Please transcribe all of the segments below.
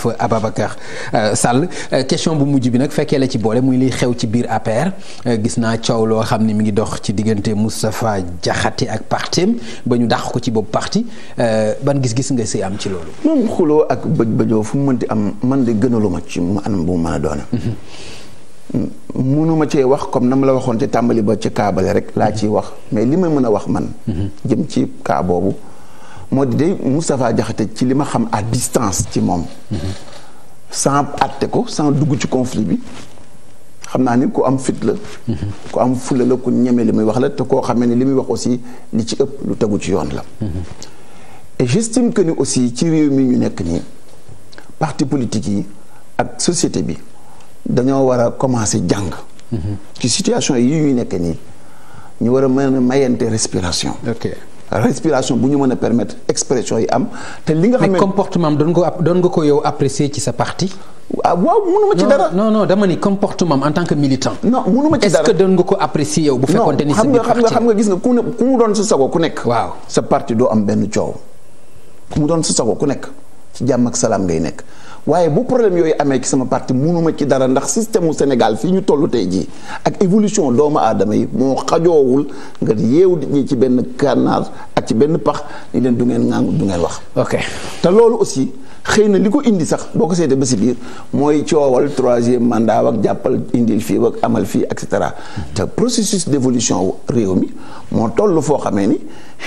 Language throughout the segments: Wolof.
feu Ababacar euh, sàll euh, question bu mujj bi nag fekkee la ci boole muy liy xew ci biir APR euh, gis naa coow loo xam ne mi ngi dox ci diggante Moustapha Diakhaté ak partem ba ñu dax ko ci bopp parti ban gis-gis nga si am ci loolu. moom xuloo ak bëj bëjoo fu mu ti am man de gënaluma ci mu anam bu mu mën a doona mënuma mm-hmm. cee wax comme na ma la waxoon ci tàmbali ba ci kaabale rek laa mm-hmm. ciy wax mais li may mën a wax man. Mm-hmm. jëm ci kaa moo di day Moustapha Diakhaté ci li ma xam a distance ci moom sans àtte ko sans dugg ci conflit bi xam naa ni ku am fit la ku am fulla la ku ñeme li muy wax la te koo xamee ne li muy wax aussi li ci ëpp lu tegu ci yoon la et j'estime que ni aussi ci réew mi ñu nekk nii parti politique yi ak société bi dañoo war a commencer jàng mhm. ci situation yi ñuy nekk nii ñu war a mën a mayante respiration respiration bu ñu mën a permettre expression yi am. te li nga xam ne comportement doon nga ko doon nga ko yow apprécier ci sa parti. ah waaw mënuma ci dara non non dama ni comportement en tant que militant. non mënuma ci dara doon nga ko apprécier yow. bu fekkoonte ni sa biir parti non xam nga xam nga gis nga ku ne ku mu doon sa sago ku nekk. waaw sa parti doo am benn coow. ku mu doon sa sago ku nekk ci jàmm ak salaam ngay nekk. waaye bu problème yooyu amee ci sama parti munuma ci dara ndax système mu Sénégal fii ñu tollu tey jii ak évolution doomu aadama yi moo xajoowul nga yeewu nit ñi ci benn kànnaar ak ci benn pax ni leen du ngeen ŋàng du ngeen wax. te loolu aussi. xëy na li ko indi sax boo ko seetee ba si biir mooy coowal troisième mandat ak jàppal indil fii ak amal fii et cetera te processus d'évolution réew mi moo toll foo xamee ni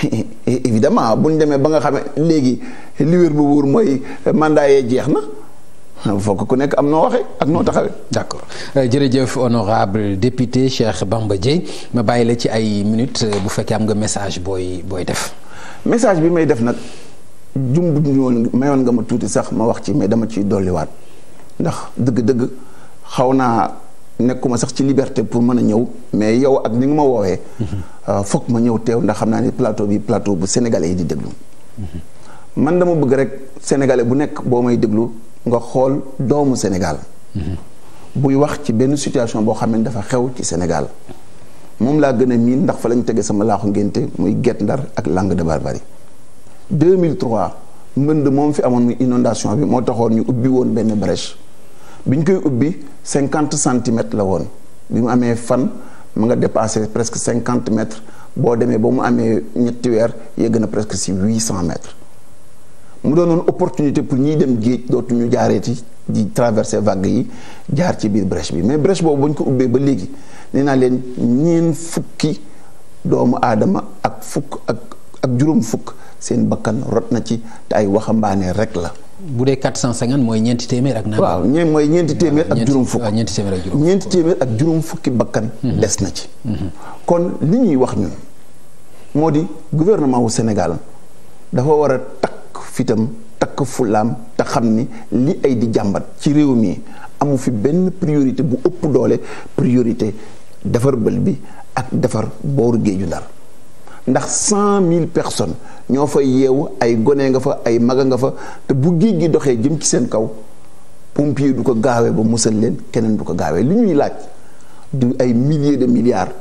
évidemment bu ñu demee ba nga xamee léegi li wér bu wóor mooy mandat yee jeex na fokk ku nekk am noo waxee ak noo taxawee. d'accord euh, jërëjëf honorable député Cheikh Bamba Dièye ma bàyyi la ci ay minutes euh, bu fekkee am nga message booy booy def. message bi may def nag jumbu ñëwoon mayoon nga ma tuuti sax ma wax ci mais dama ciy dolliwaat ndax dëgg-dëgg xaw naa nekkuma sax ci liberté pour mën a ñëw mais yow ak ni nga ma woowee. Mhm. Euh, fokk ma ñëw teew ndax xam naa ni plateau bi plateau bu sénégalais yi di déglu. Mhm. man dama bëgg rek sénégalais bu nekk boo may déglu. nga xool doomu Sénégal. Mhm. buy wax ci benn situation boo xam ne dafa xew ci Sénégal moom laa gën a miin ndax fa lañ tegee sama laaxu ngénte muy Guet Ndar ak Langue de Barbarie 2003 mbënd moom fi amoon muy inondation bi moo taxoon ñu ubbi woon benn brèche bi ñu koy ubbi cinquante centimètres la woon bi mu amee fan mu nga dépassé presque cinquante mètres boo demee ba mu amee ñetti weer yegg na presque si huit cent mètres. mu noonu opportunité pour ñuy dem géej dootuñu jaaree jaareeti di traverser vague yi jaar ci biir brèche bi mais brèche boobu ba ñu ko ubbee ba léegi nee naa leen ñeen fukki doomu aadama ak fukk ak ak juróom fukk seen bakkan rot na ci te ay waxambaane rek la. bu dee 450 mooy ñeenti téeméer ak. waaw ñeent mooy ñeenti ak juróom fukk ñeenti téeméer ak juróom fukk ñeenti téeméer ak fukki bakkan. Mhm. des na ci. Mhm. kon li ñuy wax ñun moo di gouvernement wu Sénégal dafa war a fitam takk fulaam te xam ni li ay di jàmbat ci réew mi amul fi benn priorité bu ëpp doole priorité defar bël bi ak defar booru géeju ndar ndax cent mille personnes ñoo fa yeewu ay gone nga fa ay maga nga fa te bu géej gi doxee jëm ci seen kaw pompier du ko gaawee ba musal leen keneen du ko gaawee li ñuy laaj du ay milliers de milliards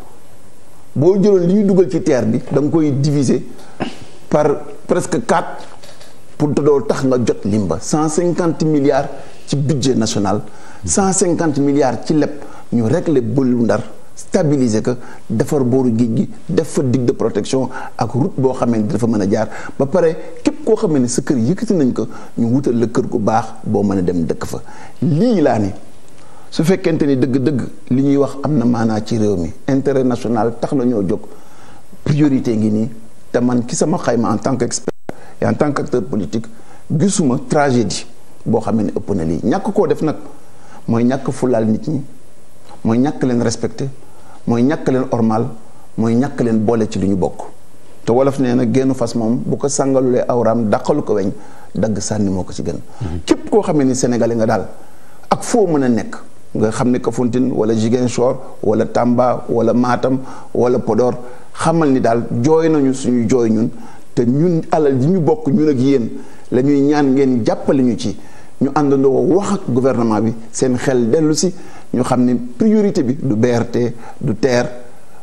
boo jëloon li ñu dugal ci teer bi da nga koy diviser par presque quatre pour dool tax nga jot limba cent cinquante milliards ci budget national cent cinquante milliards ci leb ñu régler bëlu ndar stabiliser ko defar booru géej gi def fa digg de protection ak route boo xamee ne dafa mën a jaar ba pare képp koo xamee ne sa kër yëkkati nañ ko ñu wutal la kër gu baax boo mën a dem dëkk fa lii laa ne su fekkente ni dëgg-dëgg li ñuy wax am na maanaa ci réew mi national tax na ñoo jóg priorité ngi nii te man ki sama xayma en tant que en tant qu'acteur politique gisuma tragédie boo xamee ne ëpp na lii ñàkk koo def nag mooy ñàkk fulaal nit ñi mooy ñàkk leen respecte mooy ñàkk leen ormal mooy ñàkk leen boole ci lu ñu bokk te wolof nee na génn fas moom bu ko sàngalulee awraam dàqalu ko weñ dagg sànni moo ko ci gën mhm. képp koo xamee ni sénégalais nga daal ak foo mën a nekk nga xam ne Kafountine wala Ziguinchor wala Tamba wala maatam wala podoor xamal ni daal jooy nañu suñu jooy ñun te ñun alal ji ñu bokk ñun ak yéen la ñuy ñaan ngeen jàppale ñu ci ñu àndandoo wax ak gouvernement bi seen xel dellu si ñu xam ne priorité bi du BRT du TER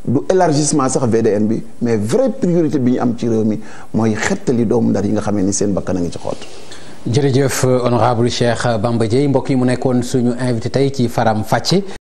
du élargissement sax VDN bi mais vraie priorité bi ñu am ci réew mi mooy xettali doomu ndar yi nga xamee ni seen bakkan a ngi ci xoot jërëjëf honorable Cheikh Bamba Dièye mbokk yi mu nekkoon suñu invité tey ci Faram fàcce